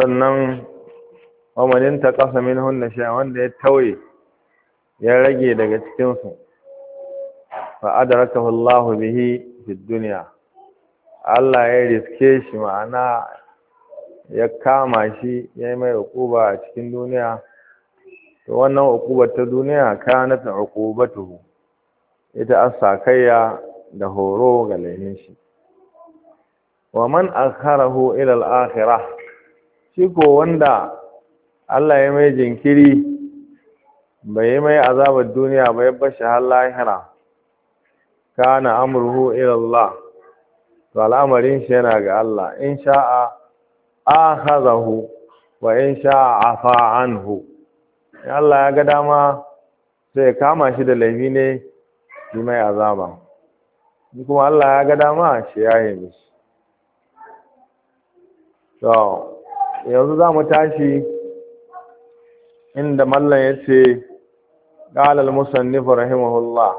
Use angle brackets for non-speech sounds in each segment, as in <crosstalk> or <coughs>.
sannan wamanin ta kasa min hunna sha wanda ya tauye ya rage daga cikinsu fa adrakahu Allahu bihi fi dunya Allah ya riske shi ma'ana ya kama shi ya mai uquba a cikin duniya to wannan uqubar ta duniya kanat uqubatuhu ita asakayya da horo ga lahin shi wa man akharahu ila al-akhirah shi ko wanda Allah ya mai jinkiri bai yi mai azabar duniya bai ya bashi har lahira kana amruhu ila Allah to al'amarin shi yana ga Allah in sha'a akhazahu wa in sha'a afa anhu Allah ya ga dama sai kama shi da laifi ne shi mai azaba kuma Allah ya ga dama shi ya yi mishi To, yanzu za mu tashi inda mallan ya ce ƙalal musannifu rahimahullah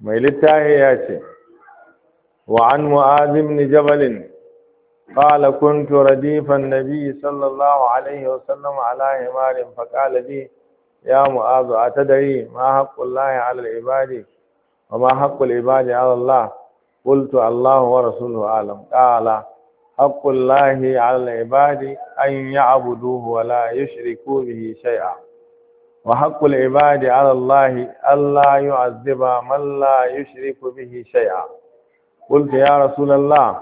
mai littafi ya ce wa an mu'azim ni jabalin ƙala kuntu radifan nabi sallallahu alaihi wa sallama alayhi marin faƙala bi ya mu'azu a tadari ma layin alal ibadi wa ma haƙƙul ibadi alallah, ƙultu qultu Allah wa rasuluhu alam ƙala haƙƙun lahi al’ibadi an yi abu duhu wa la yi shai’a wa haƙƙun ibadi al’allahi Allah yi azziba man la yi shiri ko bihi shai’a ƙulta ya rasulallah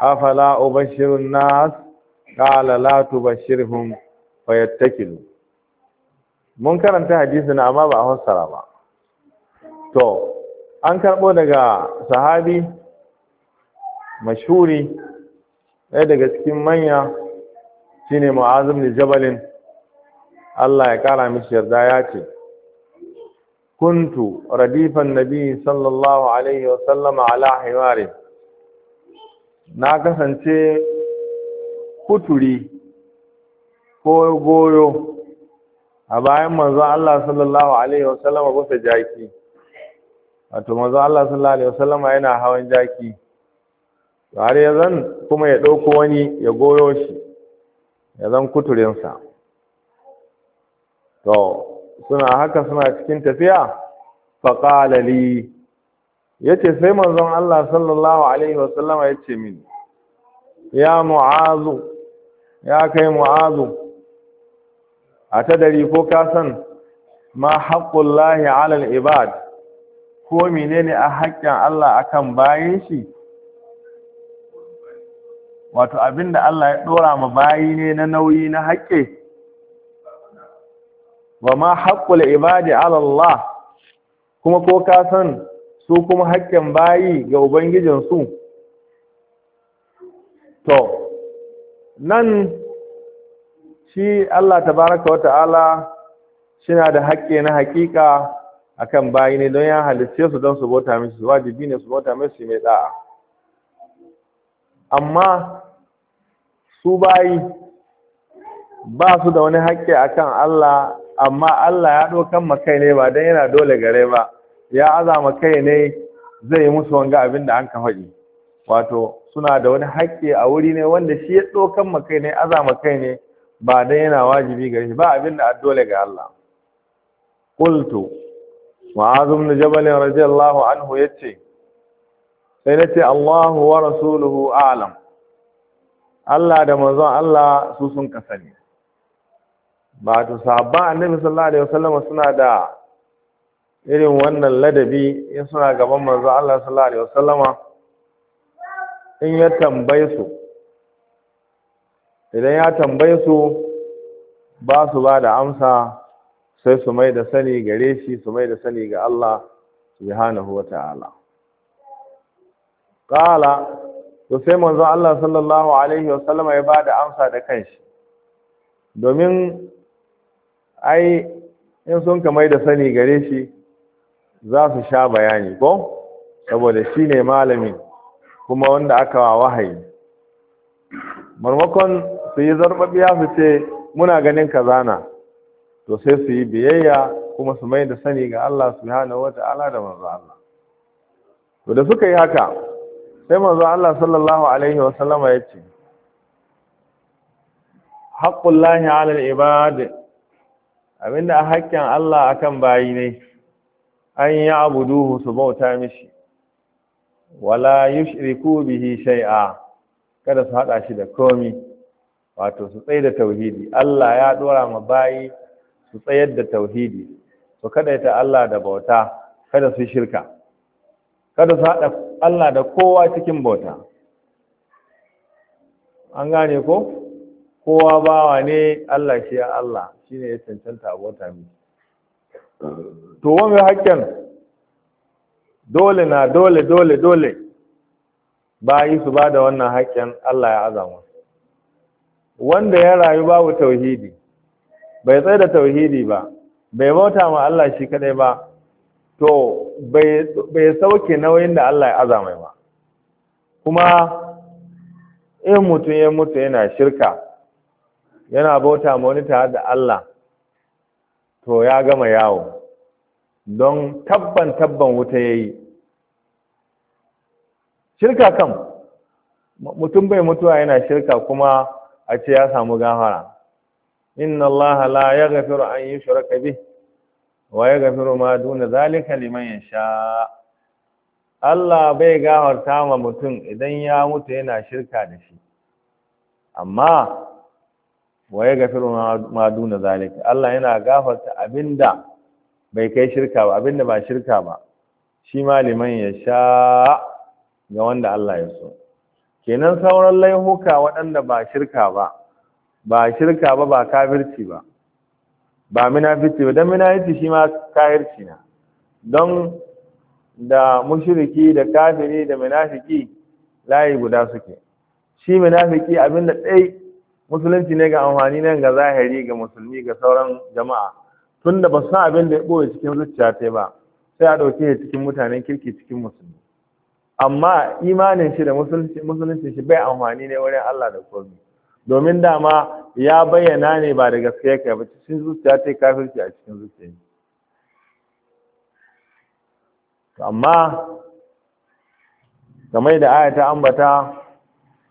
a fala’u bashirun nas ƙala latu bashirhum fa yattakilu mun karanta hadisi na amma ba a hussara ba to an karɓo daga sahabi mashuri. ɗaya daga cikin manya shine mu'azim da jabalin Allah ya kara mishi yarda ya ce kuntu radifan nabi sallallahu alaihi wa sallama ala hiwari na kasance kuturi ko goyo a bayan manzo Allah sallallahu alaihi wa sallama kusa jaki wato manzo Allah sallallahu alaihi wa sallama yana hawan jaki har ya zan kuma ya ɗauko wani ya goyo shi ya zan kuturinsa to suna haka suna cikin tafiya faƙalali ya ce sai manzon Allah sallallahu Alaihi wasallama ya ce mini ya mu'azu ya kai mu'azu a ta dari ko kasan ma haƙƙullahi alal ibad ko menene a haƙƙin Allah akan bayan shi wato abin da Allah ya ɗora ma bayi ne na nauyi na haƙƙe wa ma haƙƙul ibadi ala Allah kuma ko ka san su kuma haƙƙin bayi ga ubangijinsu to nan shi Allah tabaraka wa ta'ala shina da haƙƙi na haƙiƙa akan bayi ne don ya halicce su don su bota mishi wajibi ne su bota mishi mai da'a amma su bayi ba su da wani haƙƙi akan Allah amma Allah ya ɗaukan makai ne ba don yana dole gare ba ya azama kai ne zai yi musu wanga abin da an ka faɗi wato suna da wani haƙƙi a wuri ne wanda shi ya ɗaukan makai ne azama kai ne ba don yana wajibi gare shi ba abin da dole ga Allah qultu mu'azum ibn jabal radiyallahu anhu ce. sai na ce Allahu wa rasuluhu alam Allah da manzon Allah su sun kasani ba to sabba annabi sallallahu alaihi wasallam suna da irin wannan ladabi in suna gaban manzo Allah sallallahu alaihi wasallama in ya tambaye su idan ya tambaye su ba su ba da amsa sai su mai da sani gare shi su mai da sani ga Allah subhanahu wa ta'ala qala to sai manzo Allah sallallahu alaihi wasallam ya bada amsa da kanshi domin ai in sun kamai da sani gare shi za su sha bayani ko saboda shi ne malamin kuma wanda aka wa wahayi marmakon su yi zarbabiya su ce muna ganin kazana to sai su yi biyayya kuma su mai da sani ga Allah subhanahu wata'ala da manzo Allah to da suka yi haka sai manzo Allah sallallahu alaihi wa sallama yace haqqullahi ala al-ibad abinda a haƙƙin Allah akan bayi ne an ya'buduhu su bauta mishi wala yushriku bihi shay'a kada su hada shi da komi wato su tsaye da tauhidi Allah ya dora ma bayi su tsayar da tauhidi su kada ta Allah da bauta kada su shirka kada su haɗa Allah da kowa cikin bauta an gane ko kowa bawa ne Allah shi ya Allah shi ne ya cancanta abota mi to wani hakken dole na dole dole dole ba yi su ba da wannan hakken Allah ya azama wanda ya rayu babu tauhidi bai tsaye da tauhidi ba bai bauta ma Allah shi kadai ba to bai sauke nauyin da Allah ya azamai ba kuma in mutum ya mutu yana shirka yana bauta ma tare da Allah to ya gama yawo don tabban tabban wuta ya yi shirka kam mutum bai mutuwa yana shirka kuma a ce ya samu gafara inna allaha la yaghfiru an yushraka bihi wa ya gafiru ma duna zalika liman ya sha. Allah bai gafarta ma mutum idan ya mutu yana shirka da shi amma wa ya gafiru ma duna zalika Allah yana gafarta abinda bai kai shirka ba abinda ba shirka ba shi ma liman sha, ga wanda Allah ya so kenan sauran laihuka waɗanda ba shirka ba ba shirka ba ba kafirci ba ba fiti ba don fiti shi ma kayarci na don da mushriki da kafiri da munafiki layi guda suke shi munafiki abin da ɗai musulunci ne ga amfani nan ga zahiri ga musulmi ga sauran jama'a tunda ba su san abin da ya ɓoye cikin zuciya ta ba sai a ɗauke ya cikin mutanen kirki cikin musulmi amma imanin shi da musulunci shi bai amfani ne wurin Allah da komai domin dama ya bayyana ne ba da gaskiya kai ba cikin zuciya ta kafirci a cikin zuciya amma game da aya ta ambata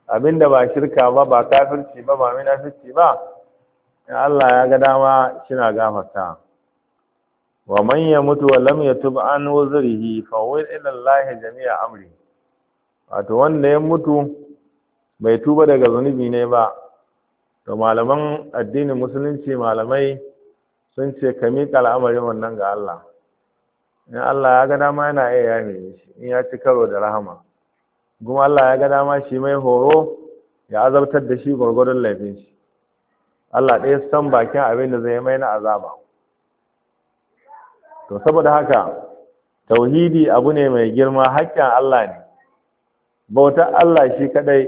abinda ba shirka ba ba kafirci ba ba munafici ba in Allah ya ga dama shina gafarta wa man yamutu wa lam yatub an wuzrihi fa wa ila Allah jami'a amri wato wanda ya mutu bai tuba daga zunubi ne ba to malaman addinin musulunci malamai sun ce ka miƙa al'amarin wannan ga Allah in Allah ya ga dama yana iya yame shi in ya ci karo da rahama kuma Allah ya ga dama shi mai horo ya azabtar da shi gwargwadon laifin shi Allah ɗaya san bakin abin da zai mai na azaba to saboda haka tauhidi abu ne mai girma hakkin Allah ne bautar Allah shi kadai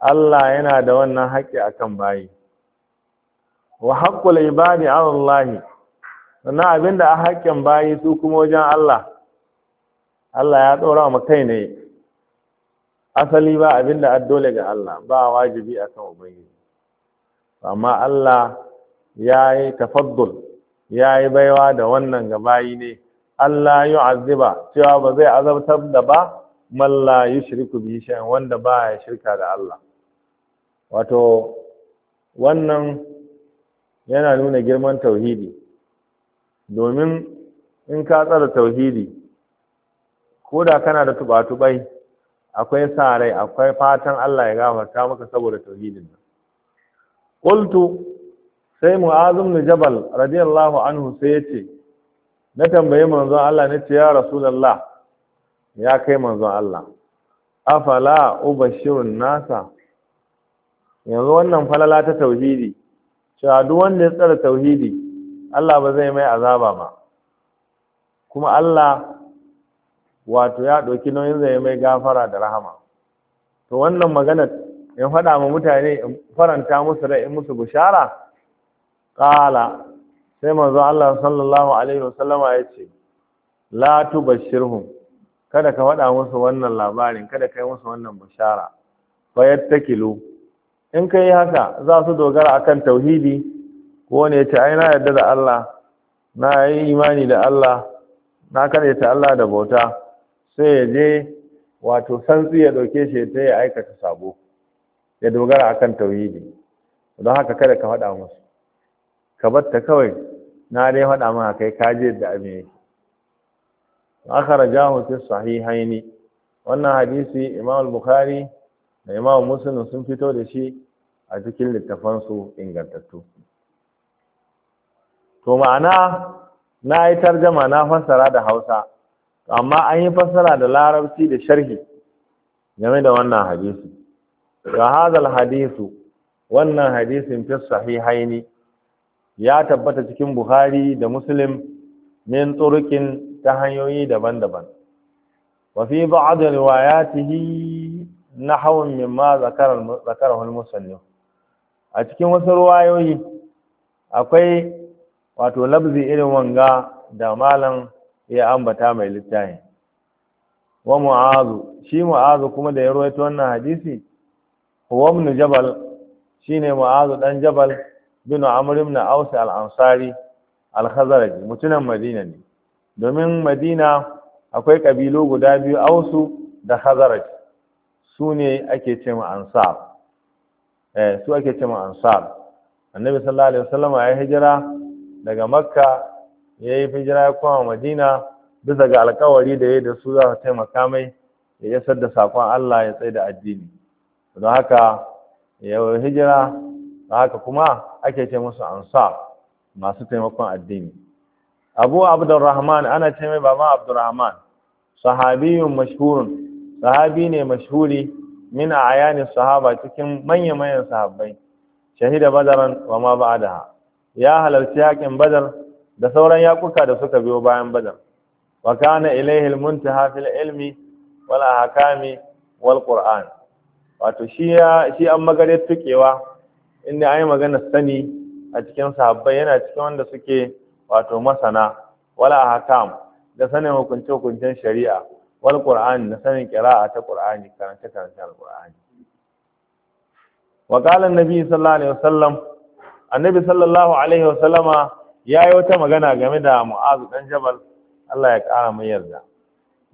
Allah yana da wannan haƙƙi akan bayi wa haqqul ibadi 'ala Allah sannan abinda a haƙƙin bayi su kuma wajen Allah Allah ya ɗora ma kai ne asali ba abinda addole ga Allah ba wajibi akan ubangiji amma Allah ya yi tafaddul ya yi baiwa da wannan ga bayi ne Allah yi yu'azziba cewa ba zai azabtar da ba man la yushriku bihi wanda ba ya shirka da Allah wato wannan yana nuna girman tauhidi domin in ka tsara tauhidi ko da kana da tubatubai, akwai sa rai akwai fatan Allah ya gafarta maka saboda tauhidin nan qultu sai mu'azim ibn jabal radiyallahu anhu sai ya ce, na tambaye manzon Allah na ce ya rasulullah ya kai manzon Allah afala ubashirun nasa yanzu wannan falala ta tauhidi cewa duk wanda ya tsara tauhidi Allah ba zai mai azaba ba kuma Allah wato ya ɗauki nauyin zai mai gafara da rahama to wannan magana in faɗa ma mutane in faranta musu rai in musu bushara ƙala sai manzo Allah sallallahu alaihi wasallama ya ce la tubashshirhum kada ka faɗa musu wannan labarin kada kai musu wannan bushara fayattakilu in ka yi haka za su dogara akan tauhidi ko ne ta ai na yarda da Allah na yi imani da Allah na karyata Allah da bauta sai ya je wato santsi ya dauke shi ta ya aikata sabo ya dogara akan tauhidi don haka kada ka faɗa musu ka batta kawai na dai faɗa a kai ka je da abin yake jahu fi sahihaini wannan hadisi imam al-bukhari da imam muslim sun fito da shi a cikin littafansu ingantattu to ma'ana na yi tarjama na fassara da hausa amma an yi fassara da larabci da sharhi game da wannan hadisi ga hazal hadisu wannan hadisin fi sahihaini ya tabbata cikin buhari da muslim min tsurukin ta hanyoyi daban-daban wa fi ba'd riwayatihi nahwan mimma zakara zakarahu a cikin wasu ruwayoyi akwai wato labzi irin wanga da malam ya ambata mai littafi wa mu'azu shi mu'azu kuma da ya ruwaito wannan hadisi huwa ibn jabal shine mu'azu dan jabal bin amr ibn aus al-ansari al-khazraj mutunan madina ne domin madina akwai kabilu guda biyu ausu da khazraj sune ake cewa ansar Eh, su ake cewa ansar annabi sallallahu alaihi wasallam ya hijira daga makka ya yi hijira ya koma madina bisa ga alkawari da ya da su za su taimaka mai ya isar da sakon Allah ya tsaye da addini don haka ya hijira don haka kuma ake ce musu ansar masu taimakon addini abu abdurrahman ana ce mai baba abdurrahman sahabiyun mashhurun sahabi ne mashhuri min ayani sahaba cikin manya-manyan sahabbai shahida badaran wa ma ba'daha ya halarci yakin badar da sauran yakuka da suka biyo bayan badar wa kana ilayhi al fil ilmi wal ahkami wal qur'an wato shi ya shi an magare tukewa inda ayi magana sani a cikin sahabbai yana cikin wanda suke wato masana wala ahkam da sanin hukunce hukuncen shari'a wal qur'ani na sanin qira'a ta qur'ani karanta karanta al qur'ani wa qala annabi sallallahu alaihi wasallam annabi sallallahu alaihi wasallama yayi wata magana game da mu'azu dan jabal Allah ya kara mai yarda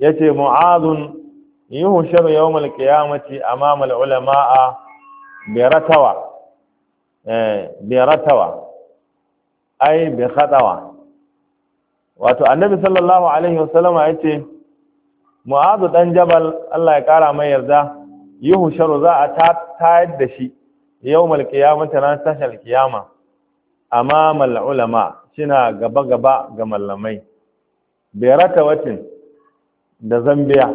yace mu'azun yuhsharu yawmal qiyamati amama al ulama'a bi ratawa eh bi ratawa ai wato annabi sallallahu alaihi wasallama yace mu'azu dan jabal Allah ya kara mai yarda yi husharu za a tayar da shi malkiya qiyamati ran tashal qiyama amma mal'ulama shina gaba gaba ga mallamai berata watin da zambiya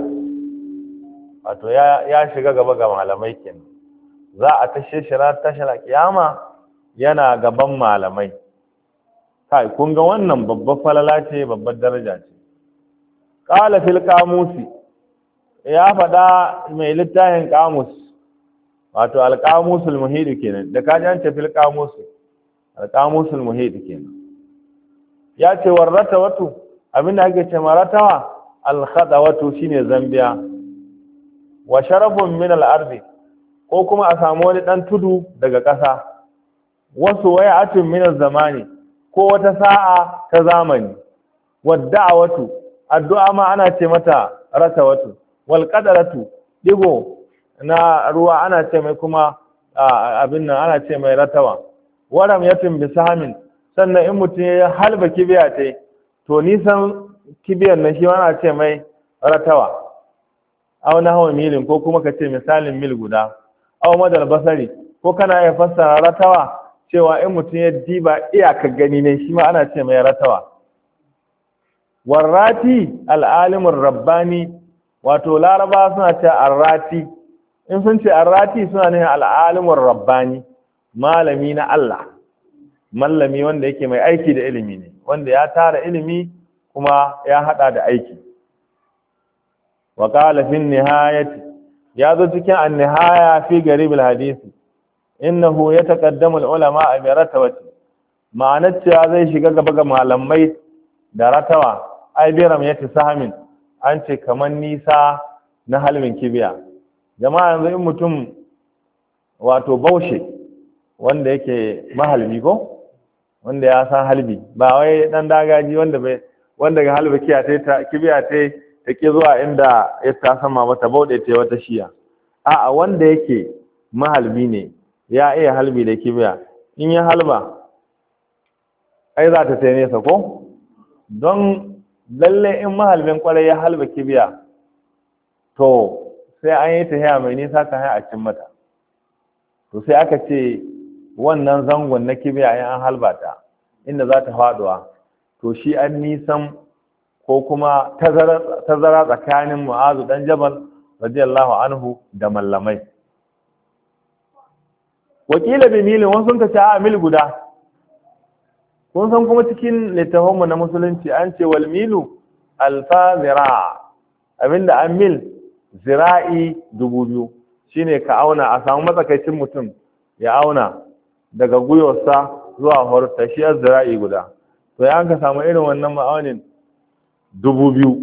wato ya shiga gaba ga malamai kenan za a tashe shi ran tashar kiyama yana gaban malamai kai kun ga wannan babbar falala ce babbar daraja ce qala fil ya faɗa mai littafin qamus wato al qamusul muhid kenan da ka an ce fil qamus kenan ya ce warrata wato abinda ake ce maratawa al khadawatu shine zambiya wa sharafun min al ko kuma a samu wani dan tudu daga ƙasa wasu waya atun min zamani ko wata sa'a ta zamani watu? addu'a ma ana ce mata rasawatu wal qadaratu digo na ruwa ana ce mai kuma abin nan ana ce mai ratawa waram yatim bi sahamin sannan in mutum ya halba kibiya ta to nisan kibiyar na shi ana ce mai ratawa aw na hawa milin ko kuma ka ce misalin mil guda aw madal basari ko kana iya fassara ratawa cewa in mutum ya diba iyaka gani ne shi ma ana ce mai ratawa warrati al'alimin rabbani wato laraba suna ce arrati in sun ce arrati suna ne al'alimin rabbani malami na Allah mallami wanda yake mai aiki da ilimi ne wanda ya tara ilimi kuma ya hada da aiki wa qala fi nihayati ya zo cikin an-nihaya fi garibil hadisi innahu yataqaddamu al’ulama ulama bi ratawati ma'anar cewa zai shiga gaba ga malamai da ratawa ai biram ya ce sahamin an ce kamar nisa na halmin kibiya jama'a yanzu in mutum wato baushe wanda yake mahalbi ko wanda ya san halbi ba wai dan dagaji wanda bai wanda ga halbi kiya ta kibiya ta ki zuwa inda ya ta sama mata bauɗe ta wata shiya a'a wanda yake mahalbi ne ya iya halbi da kibiya in ya halba ai za ta sai nesa ko don lalle in mahalbin kwarai ya halba kibiya to sai an yi tahiya mai nisa kan a cin mata to sai aka ce wannan zangon na kibiya in an halba ta inda za ta faduwa to shi an nisan ko kuma tazara tsakanin mu'azu dan jabal radiyallahu anhu da mallamai wakila bi milin wasu ta ce a mil guda kun san kuma cikin mu na musulunci an ce wal milu alfa abinda an mil zira'i dubu biyu shine ka auna a samu matsakaicin mutum ya auna daga gwiwarsa zuwa horta shi zira'i guda to ya ka samu irin wannan ma'aunin dubu biyu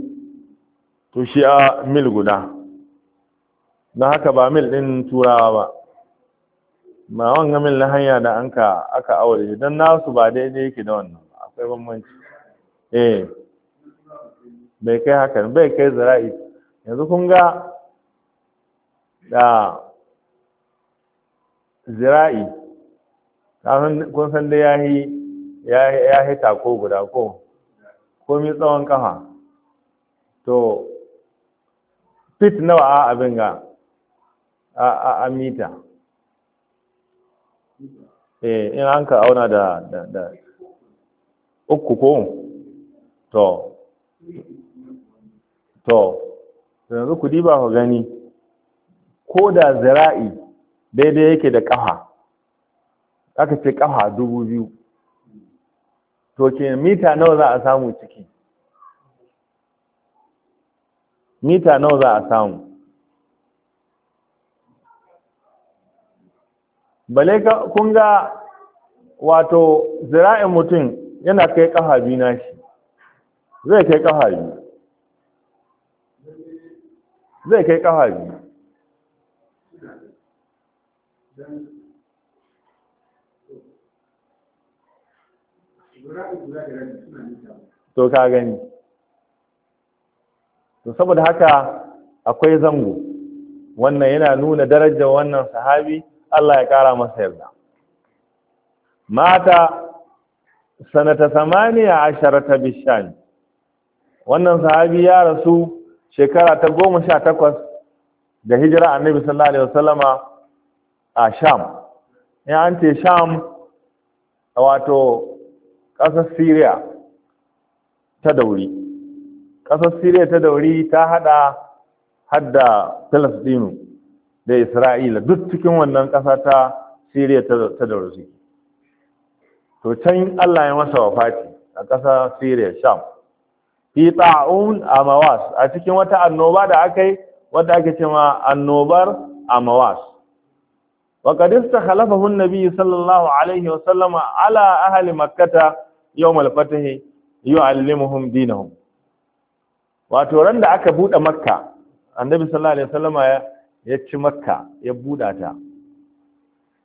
to shi a mil guda na haka ba mil ɗin turawa ba ma gamin na hanya da an ka aka aure shi don nasu ba daidai yake da wannan akwai bambanci eh bai kai haka bai kai zara'i yanzu kun ga da zira'i kun san dai ya yi tako guda ko komi tsawon kafa to fit nawa a abin ga a mita eh in an ka auna da da uku ko to to yanzu ku diba ku gani ko da zira'i daidai yake da kafa aka ce kafa dubu biyu to ke mita nawa za a samu ciki mita nawa za a samu bale kun ga wato zira'in mutum yana kai ƙafa biyu na shi zai kai ƙafa biyu zai kai ƙafa biyu to ka gani to saboda haka akwai zango wannan yana nuna darajar wannan sahabi Allah ya ƙara masa yarda mata sanata samaniya asharata bishani wannan sahabi ya rasu shekara ta goma sha takwas da hijira annabi sallallahu alaihi wasallama a sham ya an ce sham wato ƙasar siriya ta dauri ƙasar syria ta dauri ta hada hadda palestinu da isra'ila duk cikin wannan ƙasa ta siriya ta da rusi to can allah ya masa Fati a ƙasa siriya sham fi ta'un amawas a cikin wata annoba da aka yi wadda ake cewa annobar amawas hun nabi sallallahu alaihi الله عليه وسلم على أهل مكة يوم الفتح yu'allimuhum dinahum wato ran da aka buɗe makka annabi sallallahu alaihi wasallama ya ya ci makka ya buɗa ta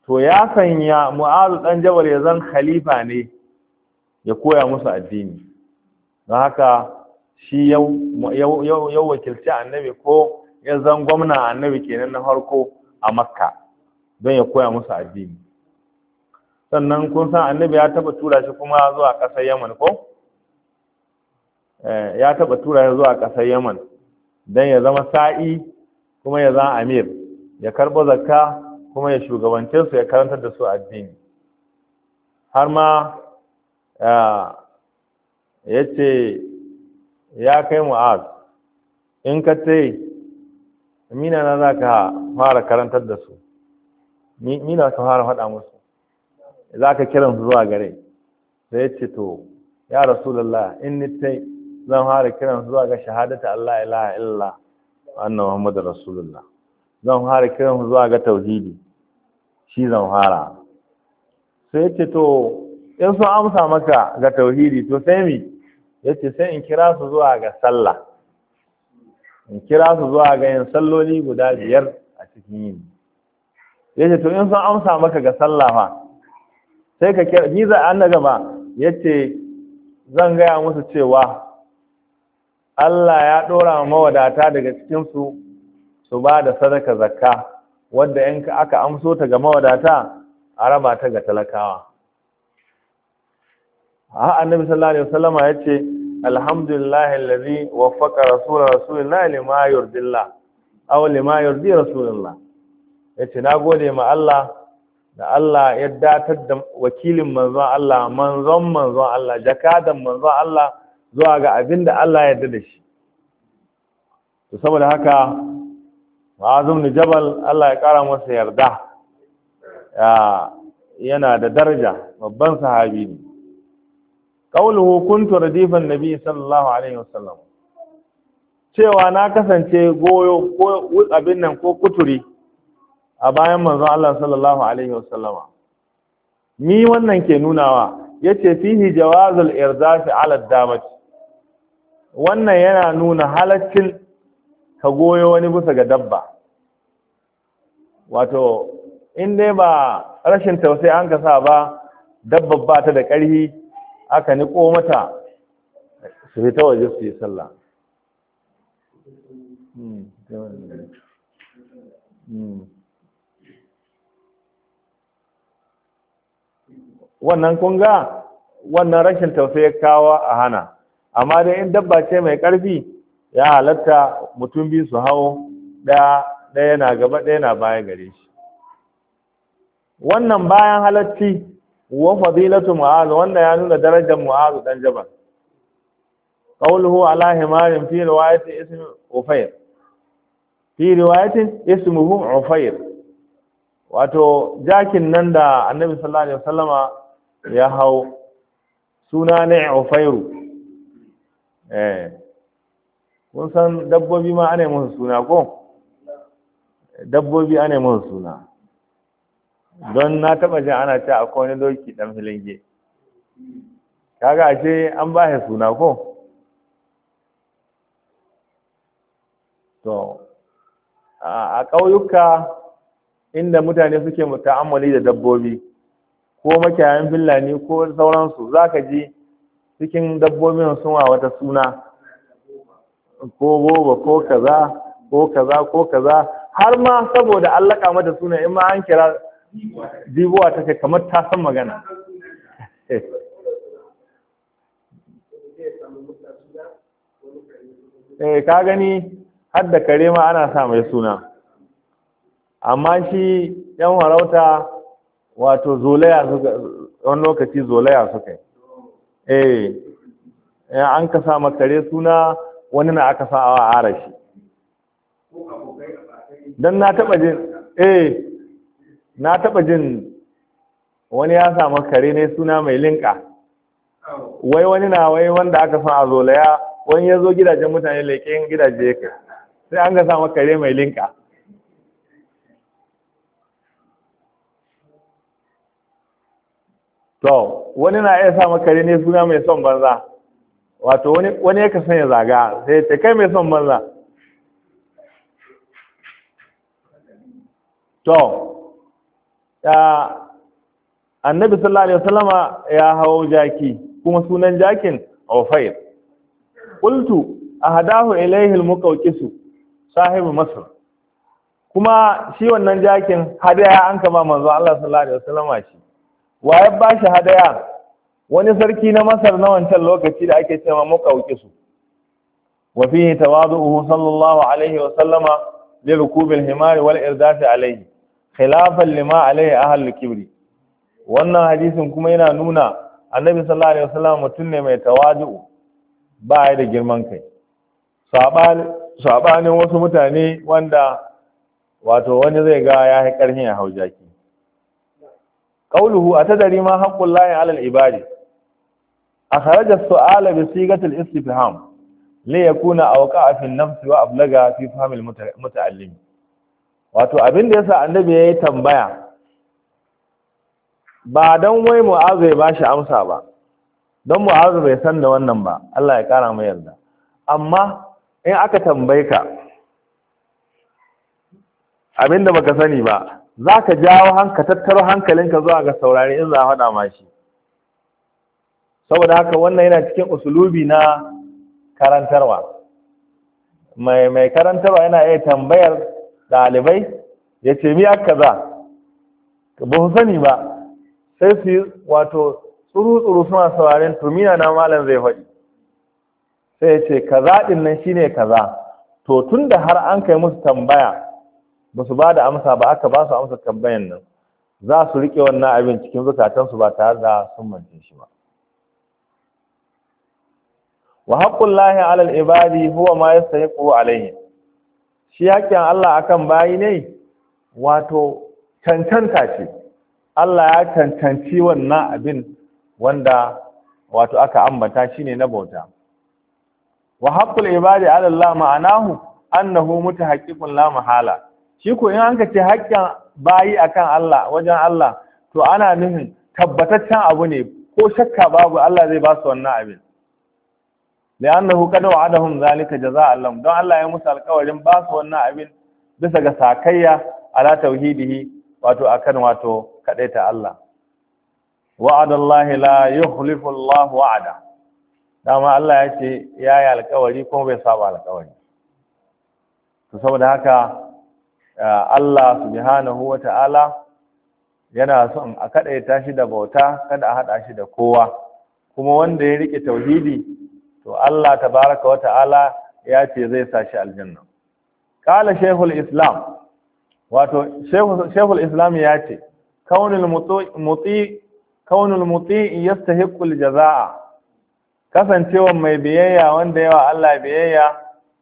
to ya sanya mu'azu ɗan jabal ya zan khalifa ne ya koya musu addini don haka shi yau wakilci annabi ko ya zan gwamna annabi kenan na farko a makka don ya koya musu addini sannan kun san annabi ya taba tura shi kuma zuwa ƙasar yaman ko eh, ya taba tura shi zuwa ƙasar yaman don ya zama sa'i kuma ya zama amir ya karɓo zakka kuma ya shugabance su ya karantar da su addini har ma ya ce ya kai mu'az in ka ce mina na za ka fara karantar da su mina ka fara faɗa musu za ka kiran su zuwa gare sai ya ce to ya rasulallah in ni zan fara kiran su zuwa ga shahadata Allah ilaha illallah anna muhammadu rasulullah zan fara kiran zuwa ga tauhidi shi zan fara sai ce to in sun amsa maka ga tauhidi to sai mi ya ce sai in kira su zuwa ga sallah in kira su zuwa ga yin salloli guda biyar a cikin yini ya ce to in sun amsa maka ga sallah fa sai ka kira ni za annaga ba. ya ce zan gaya musu cewa Allah ya ɗora mawadata daga cikinsu su ba da sadaka zakka wadda in aka amso ta ga mawadata a raba ta ga talakawa a annabi sallallahu alaihi wasallam ya ce alhamdulillahi allazi waffaqa rasul rasulillahi lima yurdillah aw lima yurdi rasulullah na gode ma Allah da Allah ya datar da wakilin manzon Allah manzon manzon Allah jakadan manzon Allah zuwa ga abin da Allah ya da shi to saboda haka ma'azum ni jabal Allah ya kara masa yarda ya yana da daraja babban sahabi ne qauluhu kuntu radifan nabi sallallahu alaihi wasallam cewa na kasance goyo ko abin nan ko kuturi a bayan manzon Allah sallallahu alaihi wasallam ni wannan ke nunawa yace fihi jawazul irzafi ala damati wannan yana nuna halaccin ka goyo wani bisa ga dabba wato in dai ba rashin tausayi an ka sa ba dabba ba ta da ƙarfi aka niƙo mata su ta waje su yi sallah hmm, wannan hmm. kunga wannan rashin tausayi kawo a hana amma dai in dabba ce mai ƙarfi ya halatta mutum biyu su hau ɗaya yana gaba ɗaya na baya gare shi wannan bayan halatti wa fadilatu mu'azu wannan ya nuna darajar mu'azu dan jabal qawluhu ala himarin fi riwayatin ismi ufayr fi riwayatin ismuhu ufayr wato jakin nan da annabi sallallahu alaihi wasallama ya hau suna ne ufayru eh kun san dabbobi ma ana musu suna ko dabbobi ana musu suna don na taba jin ana ce akwai wani doki dan filinge kaga ce an ba shi suna ko to a ƙauyuka inda mutane suke ta'ammali da dabbobi ko makiyayin fillani ko sauransu za ka ji cikin dabbobin sun wa wata suna ko goba ko kaza ko kaza ko kaza har ma saboda allaka mata suna in ma an kira jibuwa ta kai kamar ta san magana <laughs> eh ka gani har da kare ma ana sa mai suna amma shi yan warauta wato zolaya wani lokaci zolaya suka yi Eh, eh an ka sa makare suna wani na aka sa a arashi don na taɓa jin eh na taɓa jin wani ya sa makare ne suna mai linka wai wani na wai wanda aka sa a zolaya wani ya zo gidajen mutane leƙen gidaje ya kai sai an ga sa makare mai linka to wani na iya sa maka ne suna mai son banza wato wani ya ka sanya zaga sai ta kai mai son banza to ya annabi sallallahu alaihi wasallama ya hawo jaki kuma sunan jakin ofair qultu ahadahu ilayhi almuqawqisu sahibu Masar? kuma shi wannan jakin hadaya an kama manzo Allah sallallahu alaihi wasallama shi wa ya ba shi hadaya wani sarki na masar na wancan lokaci da ake cewa wuke su wa fihi tawadu'uhu sallallahu alaihi wa sallama li rukubil himar wal irdati alaihi khilafan lima alaihi ahlul kibri wannan hadisin kuma yana nuna annabi sallallahu alaihi sallama mutum ne mai tawadu'u ba ya da girman kai sabanin wasu mutane wanda wato wani zai ga ya yi karhin ya hau jaki Ƙauluhu, qawluhu atadari ma haqqul lahi 'ala ibadi A as-su'ala bi sigati al-istifham li yakuna awqa'a fi an-nafs wa ablaga fi wato abin da yasa annabi yayi tambaya ba dan wai mu'azu ya bashi amsa ba don mu'azu bai san da wannan ba Allah ya kara mai yarda amma in aka tambaye ka abinda baka sani ba za ka jawo hanka tattaro hankalinka zuwa ga saurari in za a faɗa ma shi saboda haka wannan yana cikin usulubi na karantarwa mai mai karantarwa yana iya tambayar ɗalibai ya ce mi aka za ba su sani ba sai su wato tsuru-tsuru suna sauraren turmina na malam zai faɗi sai ya ce kaza ɗin nan shine kaza to tun da har an kai musu tambaya ba su ba da amsa ba aka ba su amsa tambayan nan za su riƙe wannan abin cikin zukatansu ba tare da sun mance shi ba wa haƙƙun lahi alal ibadi huwa ma yastahiqu alayhi shi hakkin Allah akan bayi ne wato cancanta ce Allah ya cancanci wannan abin wanda wato aka ambata shine na bauta wa haqqul ibadi alal la ma'anahu annahu mutahaqqiqun la mahala shi ko in an ka ce haƙƙin bayi akan Allah wajen Allah to ana nufin tabbataccen abu ne ko shakka babu Allah zai ba su wannan abin li'annahu qad wa'adahum zalika jazaa'an lahum don Allah ya musu alƙawarin ba su wannan abin bisa ga sakayya ala tauhidihi wato akan wato kadaita Allah wa'adallahi la yukhlifu Allah wa'ada dama Allah ya ce yayi alƙawari kuma bai saba alƙawari to saboda haka Allah subhanahu wa ta'ala yana son a kaɗaita shi da bauta kada a haɗa shi da kowa kuma wanda ya riƙe tauhidi to Allah tabaraka wa ta'ala ya ce zai sa shi aljanna Kala shaykhul islam wato shaykhul islam ya ce kaunul muti kaunul muti yastahiqu jaza’a, kasancewa mai biyayya wanda yawa Allah biyayya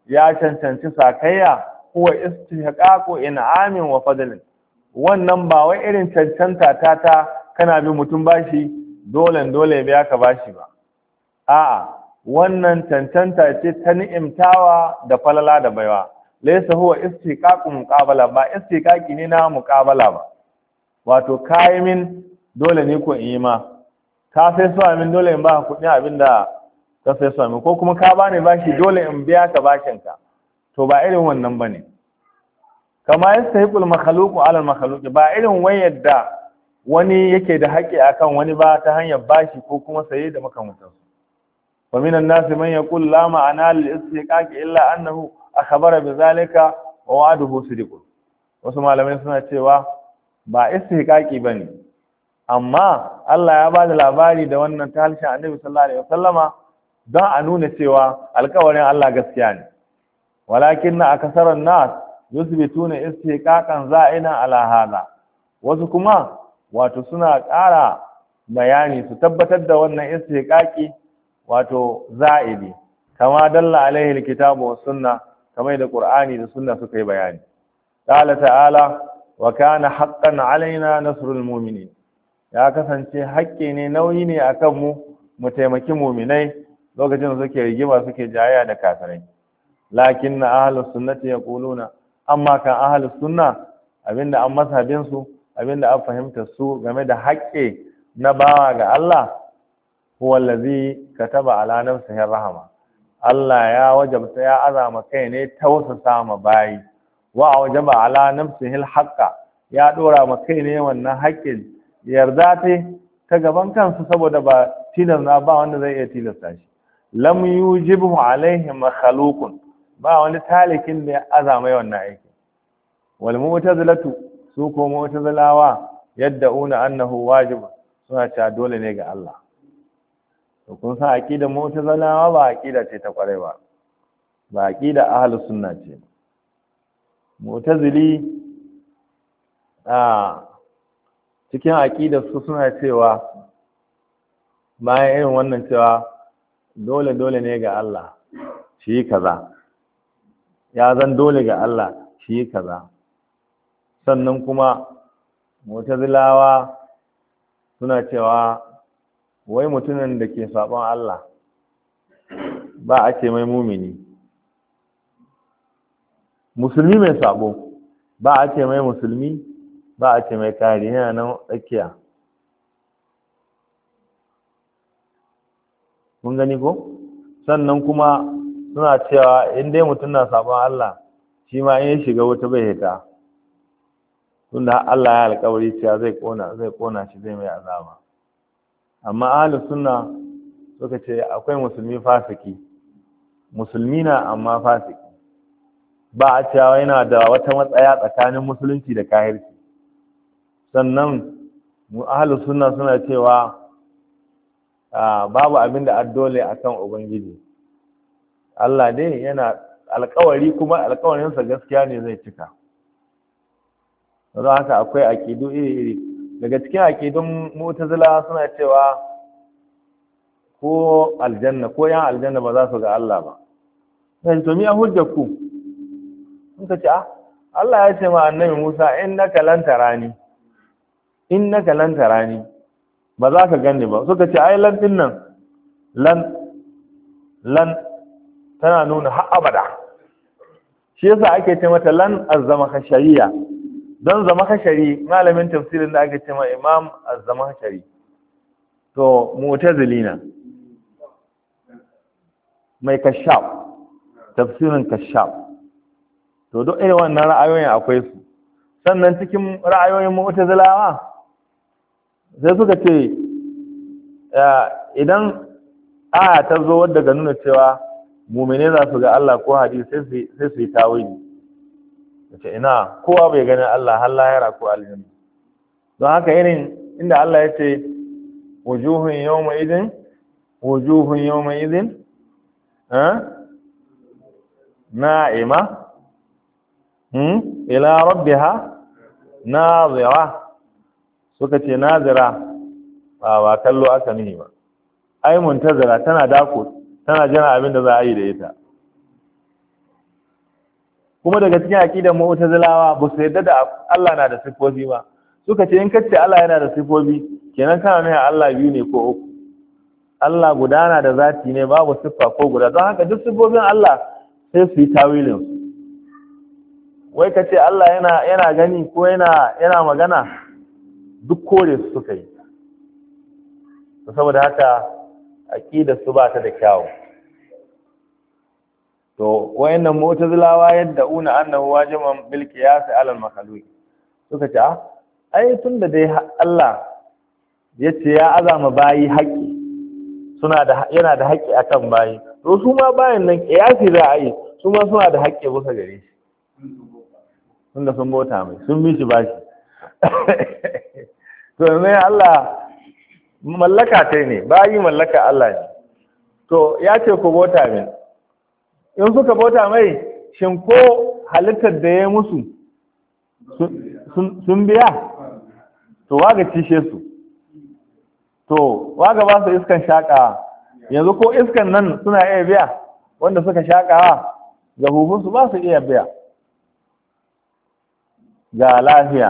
ya cancanci sakayya huwa istihqaqu in'amin wa fadlin wannan ba wai irin cancanta ta ta kana bi mutum bashi dole dole bai aka bashi ba a'a wannan cancanta ce ta ni'imtawa da falala da baiwa laysa huwa istiqaqu muqabala ba istiqaqi ne na muqabala ba wato kayimin dole ne ko in yi ma ka sai so min dole in ba kuɗi abinda ka sai so min ko kuma ka bani bashi dole in biya ka bashin ka to ba irin wannan ba ne kama yastahiqul makhluqu Alal makhluq ba irin wayar da wani yake da haƙi akan wani ba ta hanyar bashi ko kuma saye da maka wa minan nasi man yaqul la ma'ana lil istiqaq illa annahu akhbara bi zalika wa wa'aduhu sidiq wasu malamai suna cewa ba istiqaqi bane amma Allah ya ba da labari da wannan ta harshen Annabi sallallahu alaihi wasallama don a nuna cewa alƙawarin Allah gaskiya ne Walakin walakinna akasaran nas yusbituna istiqaqan za'ina ala hada wasu kuma wato suna ƙara bayani su tabbatar da wannan istiqaqi wato za'idi kama dalla alaihi alkitabu was sunna kamar da qur'ani da sunna suka yi bayani qala ta'ala wa kana haqqan alaina nasrul mu'minin ya kasance haƙƙi ne nauyi ne akan mu mu taimaki mu'minai lokacin da suke rigima suke jaya da kafirai lakin na ahalus sunnati ya kuluna amma kan ahalus sunna abinda an masabinsu abinda an fahimta su game da haƙƙe na bawa ga Allah huwa allazi kataba ala nafsihi rahama Allah ya wajabta ya azama kai ne tausasa ma bayi wa wajaba ala nafsihi alhaqqa ya dora ma kai ne wannan haƙƙin yarda ta ta gaban kansu saboda ba tilasta ba wanda zai iya tilasta shi lam yujibu alaihim khaluqun ba wani talikin da ya azama wannan aiki wal zilatu su ko zilawa yadda una annahu wajiba suna cewa dole ne ga Allah to kun san aqidar mu'tazilawa ba aqida ce ta kwarai ba ba aqida ahlus sunna ce mu'tazili a cikin aqidar su suna cewa bayan irin wannan cewa dole dole ne ga Allah shi kaza ya zan dole ga Allah shi kaza sannan kuma mutazilawa suna cewa wai mutumin da ke saɓon Allah ba a ce mai mumini musulmi mai saɓo ba a ce mai musulmi ba a ce mai kari yana nan tsakiya mun gani ko sannan kuma suna cewa in dai mutum na sabon Allah shi ma in ya shiga wuta bai hita tunda Allah ya alkawari cewa zai kona zai kona shi zai mai azaba amma ahli sunna suka ce akwai musulmi fasiki musulmi na amma fasiki ba a cewa yana da wata matsaya tsakanin musulunci da kahirci sannan ahli sunna suna cewa ah, babu abin da addole akan ubangiji Allah ne yana alkawari kuma alkawarinsa gaskiya ne zai cika Zan haka akwai aƙidu iri-iri daga cikin aƙidun mutazila suna cewa ko aljanna ko yan aljanna ba za su ga Allah ba sai to miya hujja ku Suka ce ah, Allah ya ce ma annabi Musa in kalanta rani, in na kalanta rani ba za ka ganni ba suka ce ai lan din nan lan lan tana nuna har abada shi yasa ake ce mata lan az Don dan zamakhshari malamin tafsirin da ake ce ma imam azama zamakhshari to mu'tazilina mai kashaf tafsirin kashaf to duk irin wannan ra'ayoyin akwai su sannan cikin ra'ayoyin mu'tazilawa sai suka ce idan aya ta zo wadda ga nuna cewa mumine za su ga Allah ko hadisi sai su yi tawili wace ina kowa bai gani Allah har lahira ko aljanna don haka irin inda Allah ya ce wujuhun yawma idin wujuhun yawma idin eh, na'ima hmm ila rabbiha nazira suka ce nazira ba ba kallo aka nima ba ai muntazira tana dako tana jira abin da za a yi da ita kuma daga cikin aqidar mu'tazilawa ba su yarda da Allah na da sifofi ba suka ce in kace Allah yana da sifofi kenan kana nuna Allah biyu ne ko uku Allah gudana da zati ne babu siffa ko guda don haka duk sifofin Allah sai su yi tawilin wai kace Allah yana yana gani ko yana yana magana duk kore su suka yi saboda haka aƙida su ba ta da kyawu to wayannan mu'tazilawa yadda una annahu wajiban bil qiyas ala al makhluq suka ce ah, ai tunda dai Allah yace ya azama bayi haƙi suna da yana da haƙi akan bayi to su ma bayan nan qiyasi za a yi su ma suna da haƙƙi bisa gare shi tunda sun bota mai sun bi shi bashi <laughs> to ne Allah mallaka ta ne ba yi mallaka Allah ne to ya ce ku bota min in suka bota mai shin ko halittar da ya musu sun biya to waga cishe su to waga ba su iskan shakawa yanzu ko iskan nan suna iya biya wanda suka shakawa ga huhunsu ba su iya biya ga lafiya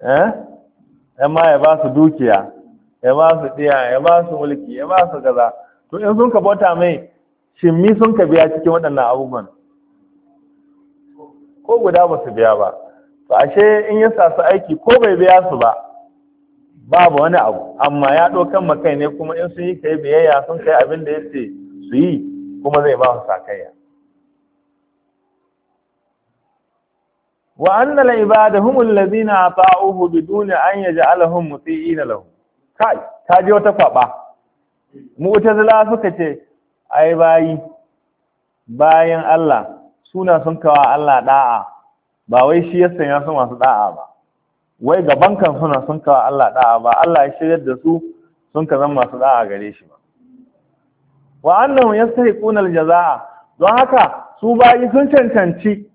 eh amma ya ba su dukiya ya ba su ɗiya ya ba su mulki ya ba su gaza to in sun ka bauta mai shimmi sun ka biya cikin waɗannan abubuwan ko guda ba su biya ba to ashe in ya sa su aiki ko bai biya su ba babu wani abu amma ya ɗaukan makai ne kuma in sun yi kai biyayya sun kai abin da ya ce su yi kuma zai ba su sakayya wa annal ibadahum allazina ata'uhu biduna an yaj'alahum muti'ina lahu kai ta je wata kwaba mu'tazila suka ce ai bayi bayan Allah suna sun kawa Allah da'a ba wai shi ya sanya su masu da'a ba wai gaban kan suna sun kawa Allah da'a ba Allah ya shiryar da su sun ka zama masu da'a gare shi ba wa annahu yastahiquna aljazaa don haka su bayi sun cancanci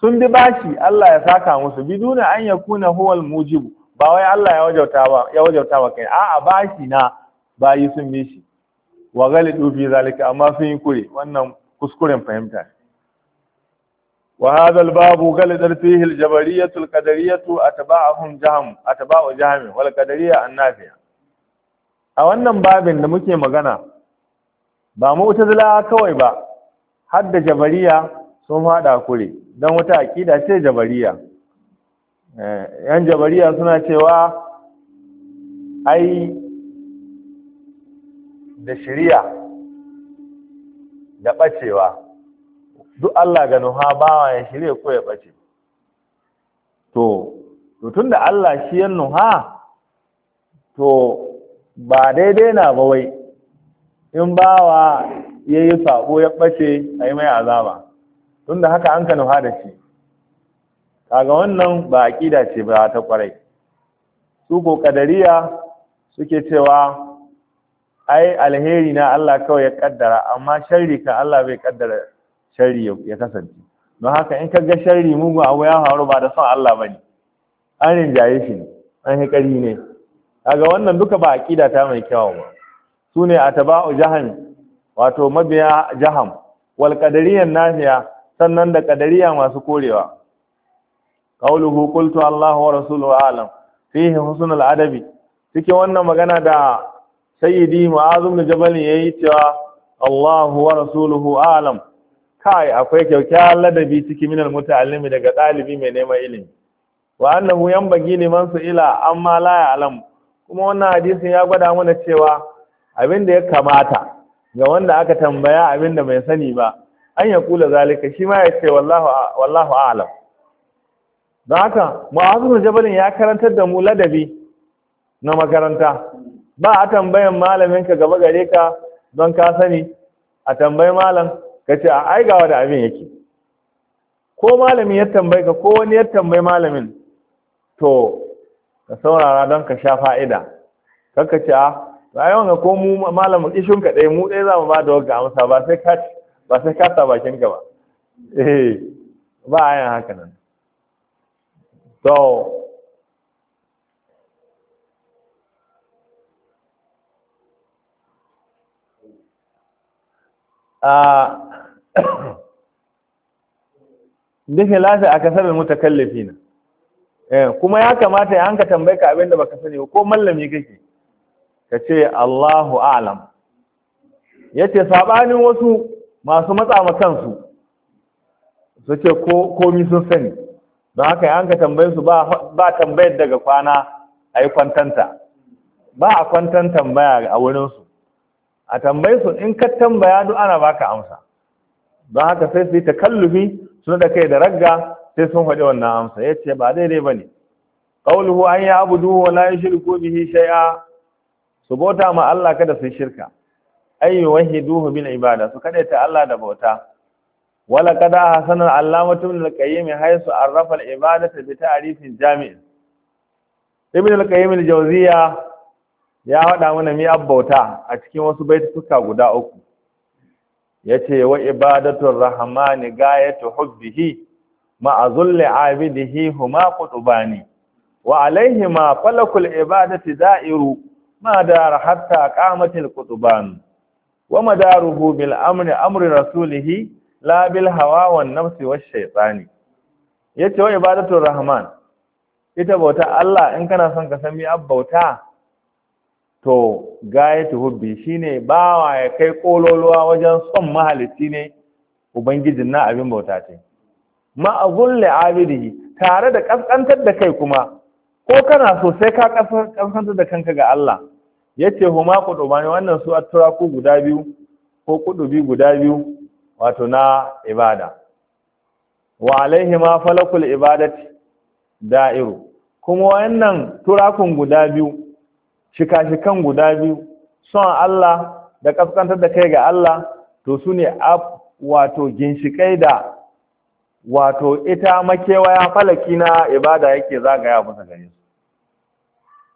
sun bi bashi Allah ya saka musu biduna an yakuna huwal mujibu ba wai Allah ya wajauta ba ya wajauta ba kai a'a bashi na bayi sun bi shi wa galidu fi zalika amma sun yi kure wannan kuskuren fahimta wa hadha babu galidat fihi al-jabariyah al-qadariyah atba'ahum jahm atba'u jaham wal qadariyah an-nafi'ah a wannan babin da muke magana ba mu mu'tazila kawai ba har da jabariya sun hada kure dan wata aqida ce jabariya Eh, yan jabariya suna cewa ai da shirya da ɓacewa duk Allah ga nuha bawa ya shirya ko ya ɓace to tun da Allah shi yan nuha to ba daidai na ba wai in bawa ya yi saɓo ya ɓace a yi mai azaba tun da haka an ka nuha da shi kaga wannan ba aqida ce ba ta kwarai su ko kadariya suke cewa ai alheri na Allah kawai ya kaddara amma sharri ka Allah bai kaddara sharri ya kasance don haka in ka ga sharri mugun abu ya faru ba da son Allah bane an rinjaye shi ne an hikari ne kaga wannan duka ba aqida ta mai kyau ba Sune a atba'u jahan wato mabiya jaham wal qadariyan nafiya sannan da qadariya masu korewa qawluhu qultu Allahu wa rasuluhu alam fihi husnul adabi cikin wannan magana da sayyidi mu'az ibn jabal yayi cewa Allahu wa rasuluhu alam kai akwai kyakkyawan ladabi cikin minal muta'allimi daga dalibi mai neman ilimi wa annahu yanbaghi liman su'ila amma la ya'lam kuma wannan hadisin ya gwada mana cewa abin da ya kamata ga wanda aka tambaya abin da bai sani ba an ya kula zalika shi ma ya ce wallahu a'lam da haka ma'azin jabalin ya karantar da mu ladabi na makaranta ba a tambayan malamin ka gaba gare ka don ka sani a tambayi malam ka ce a aigawa da abin yake ko malamin ya tambayi ka ko wani ya tambayi malamin to ka saurara don ka sha fa'ida kanka ce a rayuwan ga ko mu malamin ishin ka ɗaya mu ɗaya za mu ba da wagga amsa ba sai ka ba sai ka sa bakin ka ba eh ba a yin haka nan to da <coughs> khilafi a kasarar fina, eh, kuma ya kamata ya hanka tambayi ka abin abinda baka sani ba ko mallami kake ka ce Allahu a'lam ce saɓanin wasu masu matsa ma kansu su ce ko komi sun sani don haka an ka tambayinsu su ba tambayar daga kwana a yi kwantanta ba a kwantan tambaya a wurinsu a tambayinsu in ka tambaya duk ana baka amsa don haka sai su yi ta takallufi sun da kai da ragga sai sun faɗi wannan amsa ya ce ba daidai ba ne ƙauluhu an yi abu duhu wala yi shirku bihi shai'a su bauta ma Allah kada su shirka ayyu wahiduhu bil ibada su ta Allah da bauta wala kada hasan al-allamatu ibn al-qayyim haythu arrafa al-ibadata bi ta'rifin jami' ibn al-qayyim al-jawziya ya haɗa mana mi bauta a cikin wasu baituka guda uku yace wa ibadatur rahmani gayatu hubbihi ma'a zulli abidihi huma qutbani wa alaihima falakul ibadati da'iru ma dara hatta qamatil qutban wa madaruhu bil amri amri rasulihi la bil hawa wan nafsi wa shaytani yace wa ibadatul rahman ita bauta Allah in kana son ka san mi bauta to gayatu hubbi shine bawa ya kai kololuwa wajen son mahalicci ne ubangijin na abin bauta ce ma azulli abidihi tare da kaskantar da kai kuma ko kana so sai ka kaskantar da kanka ga Allah yace huma qudubani wannan su at guda biyu ko kudubi guda biyu wato na ibada wa alaihi ma falakul ibadati da'iru kuma wayannan turakun guda biyu shika-shikan guda biyu son Allah da kaskantar da kai ga Allah to su ne wato ginshikai da wato ita makewaya falaki na ibada yake zagaya bisa gare su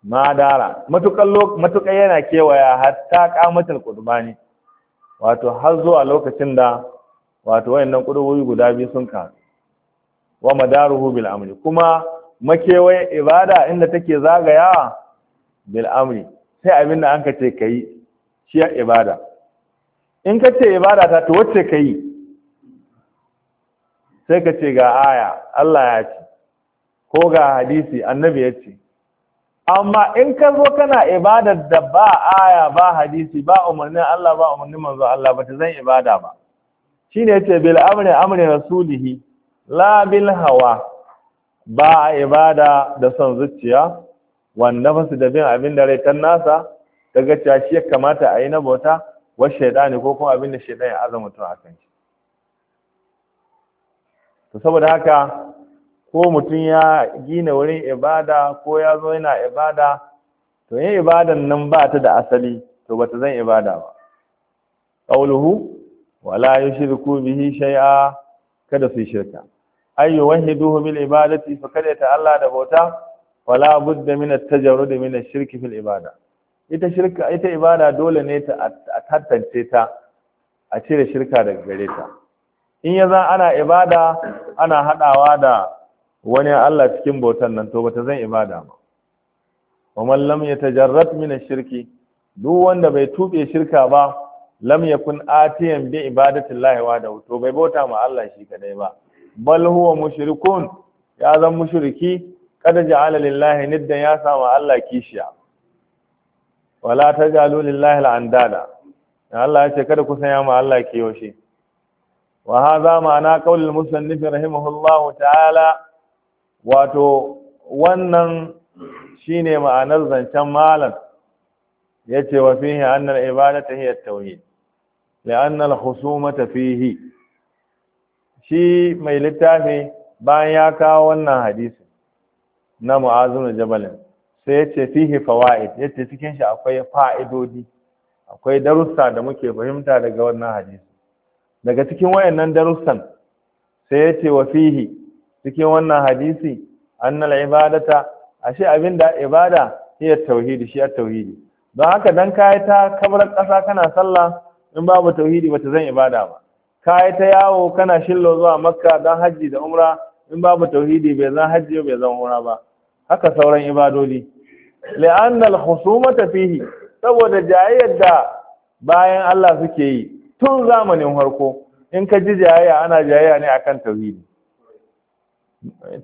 madara matukan matukan yana kewaya hatta kamatul qurbani wato har zuwa lokacin da wato wayannan kudubobi guda biyu sun karu wa madaruhu bil amri kuma makewayin ibada inda take zagayawa bil amri sai abin da anka ce kai shi ibada in ka ce ibada ta to wacce kai sai ka ce ga aya Allah ya ce ko ga hadisi annabi ya ce amma in ka zo kana ibadar da ba aya ba hadisi ba umarnin Allah ba umarnin manzo Allah ba ta zan ibada ba shine yace bil amri amri rasulihi la bil hawa ba ibada da son zuciya wanda fasu da bin abin da rai kan nasa daga cewa shi ya kamata a yi na bauta wa shaidani ko kuma abin da shaidan ya azama mutum a kan shi to saboda haka ko mutum ya gina wurin ibada ko ya zo yana ibada to yin ibadan nan ba ta da asali to bata zan ibada ba qauluhu wala yushriku bihi shay'a kada su shirka ay yuwahhiduhu bil ibadati fa kada ta Allah da bauta wala budda min at-tajarrud min ash-shirki fil ibada ita shirka ita ibada dole ne ta tantance ta a cire shirka daga gare ta in ya zan ana ibada ana hadawa da wani Allah cikin bautan nan to bata zan ibada ba wa man lam yatajarrad min ash-shirki duk wanda bai tube shirka ba lam yakun atiyan bi ibadati llahi wa da to bai bauta ma Allah shi kadai ba bal huwa mushrikun ya zan mushriki kada ja'ala lillahi nidda ya sama Allah kishiya wala tajalu lillahi al'andada Allah ya ce kada ku sanya ma Allah kiyoshi wa hadha ma'ana qaulul musannif rahimahullahu ta'ala wato wannan shine ma'anar zancen malam yace wa fihi anna al-ibadatu hiya at-tauhid la'anna al-khusumata fihi shi mai littafi bayan ya kawo wannan hadisi na mu'azun jabalin sai ya ce fihi fawaid ya cikin shi akwai fa'idodi akwai darussa da muke fahimta daga wannan hadisi daga cikin wayannan darussan sai ya ce wa fihi cikin wannan hadisi annal ibadata ashe abinda ibada iya tauhidi shi at tauhidi don haka dan kai ta kabarar ƙasa kana sallah in babu tauhidi bata zan ibada ba ka ta yawo kana shillo zuwa makka dan hajji da umra in babu tauhidi bai zan hajji bai zan umra ba haka sauran ibadodi li'anna al-khusumata fihi saboda jayayyar da bayan Allah suke yi tun zamanin harko in ka ji jayayya ana jayayya ne akan tauhidi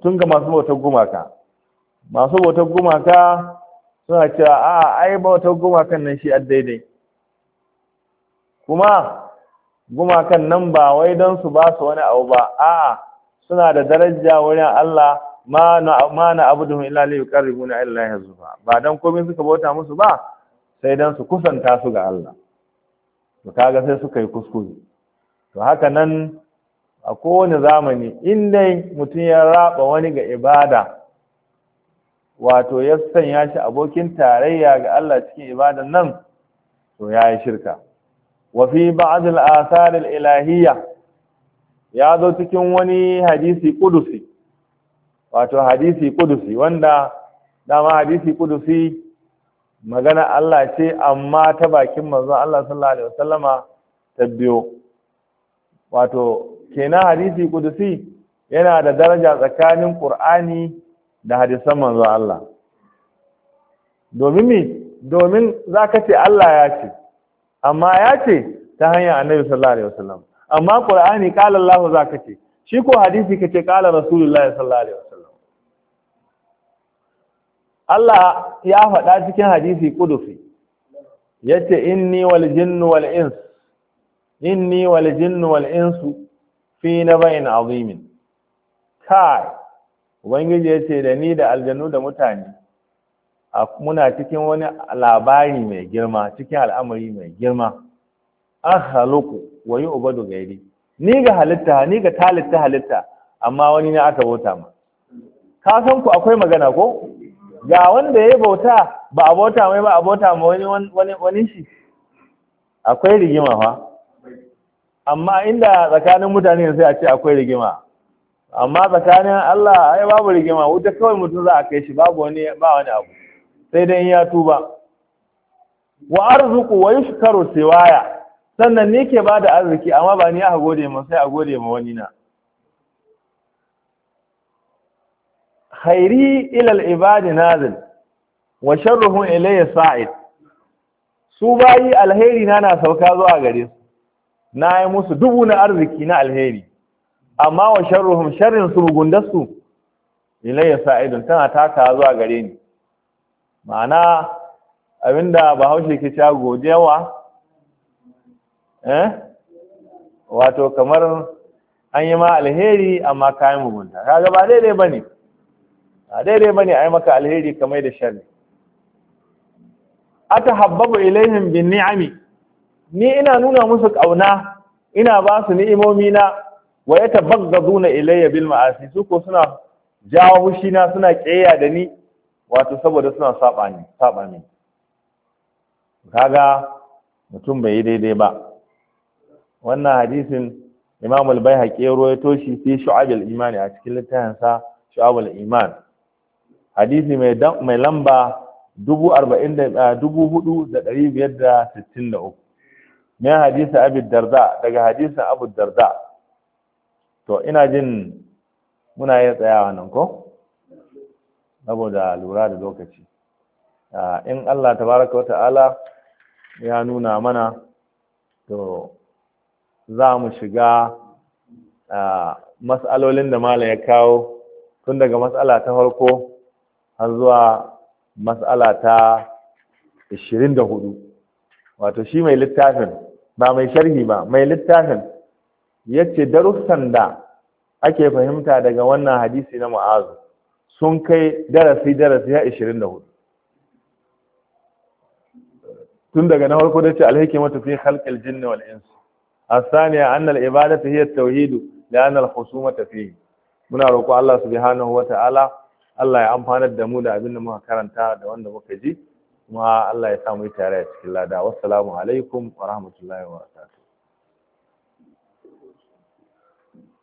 tun ga masu bautar gumaka masu bautar gumaka suna cewa a ai bautar gumakan nan shi a daidai kuma gumakan nan ba wai don su ba su wani abu ba a'a suna da daraja wurin Allah ma na abuduhum illa li yuqarribuna ila Allah yanzu ba don komai suka bauta musu ba sai don su kusanta su ga Allah to kaga sai suka yi kuskure to haka nan a kowane zamani in dai mutum ya raba wani ga ibada wato ya sanya shi abokin tarayya ga Allah cikin ibadan nan to ya yi shirka wafi ba'adul asarar ilahiyya ya zo cikin wani hadisi kudusi wato hadisi kudusi wanda dama hadisi kudusi magana Allah ce amma ta bakin manzon Allah sallallahu alaihi wasallama ta biyo wato kenan hadisi kudusi yana da daraja tsakanin Qur'ani da hadisan manzon Allah domin domin zaka ce Allah ya ce amma ya ce ta hanyar annabi sallallahu alaihi wasallam amma qur'ani qala Allahu zaka ce shi ko hadisi kace qala rasulullahi sallallahu alaihi wasallam Allah ya faɗa cikin hadisi kudufi yace inni wal jinnu wal ins inni wal jinnu wal insu fi nabain azimin kai ubangiji yace da ni da aljannu da mutane muna cikin wani labari mai girma cikin al'amari mai girma an haluku wa yi ubadu gairi ni ga halitta ni ga talitta halitta amma wani na aka bauta ma ka san ku akwai magana ko ga wanda ya bauta ba a bauta mai ba a bauta ma wani wani wani shi akwai rigima fa amma inda tsakanin mutane sai a ce akwai rigima amma tsakanin Allah ai babu rigima wuta kawai mutum za a kai shi babu wani ba wani abu sai dai ya tuba wa arzuku wa yushkaru siwaya sannan ni ke ba da arziki amma ba ni a gode ma sai a gode ma wani na khairi ila al ibad nazil wa sharruhum ilayya sa'id su bayi alheri na na sauka zuwa gare su na yi musu dubu na arziki na alheri amma wa sharruhum sharrin su mugundasu ilayya sa'idun tana taka zuwa gare ni ma'ana abinda bahaushe ke cewa godewa eh wato kamar an yi ma alheri amma ka yi mugunta kaga ba daidai bane ba daidai bane yi maka alheri kamar da sharri atahabbabu ilaihim bin ni'ami ni ina nuna musu kauna ina ba su ni'imomi na wa yatabaghaduna ilayya bil ma'asi su ko suna jawo shi na suna kiyaye da ni wato saboda suna saba ne saba ne kaga mutum bai yi daidai ba wannan hadisin imam al-baihaqi ya rawaito shi fi shu'ab al-iman a cikin littafin sa shu'ab al-iman hadisi mai mai lamba 4,563 mai hadisi abu darda daga hadisin abu darda to ina jin muna yin tsayawa nan ko? saboda lura da lokaci in Allah tabaraka wa ta'ala ya nuna mana to za mu shiga mas'alolin da mala ya kawo tun daga matsala ta farko har zuwa mas'ala ta 24 wato shi mai littafin ba mai sharhi ba mai littafin yace darussan da ake fahimta daga wannan hadisi na ma'azu. sun kai darasi darasi ya 24 tun daga na farko da ce alhikimatu fi khalqil jinni wal annal الثانية أن العبادة هي التوحيد لأن الخصومة فيه muna roƙo Allah subhanahu ta'ala Allah ya amfanar da mu da abin da muka karanta da wanda muka ji kuma Allah ya samu tare a cikin lada wassalamu alaikum wa rahmatullahi wa barakatuh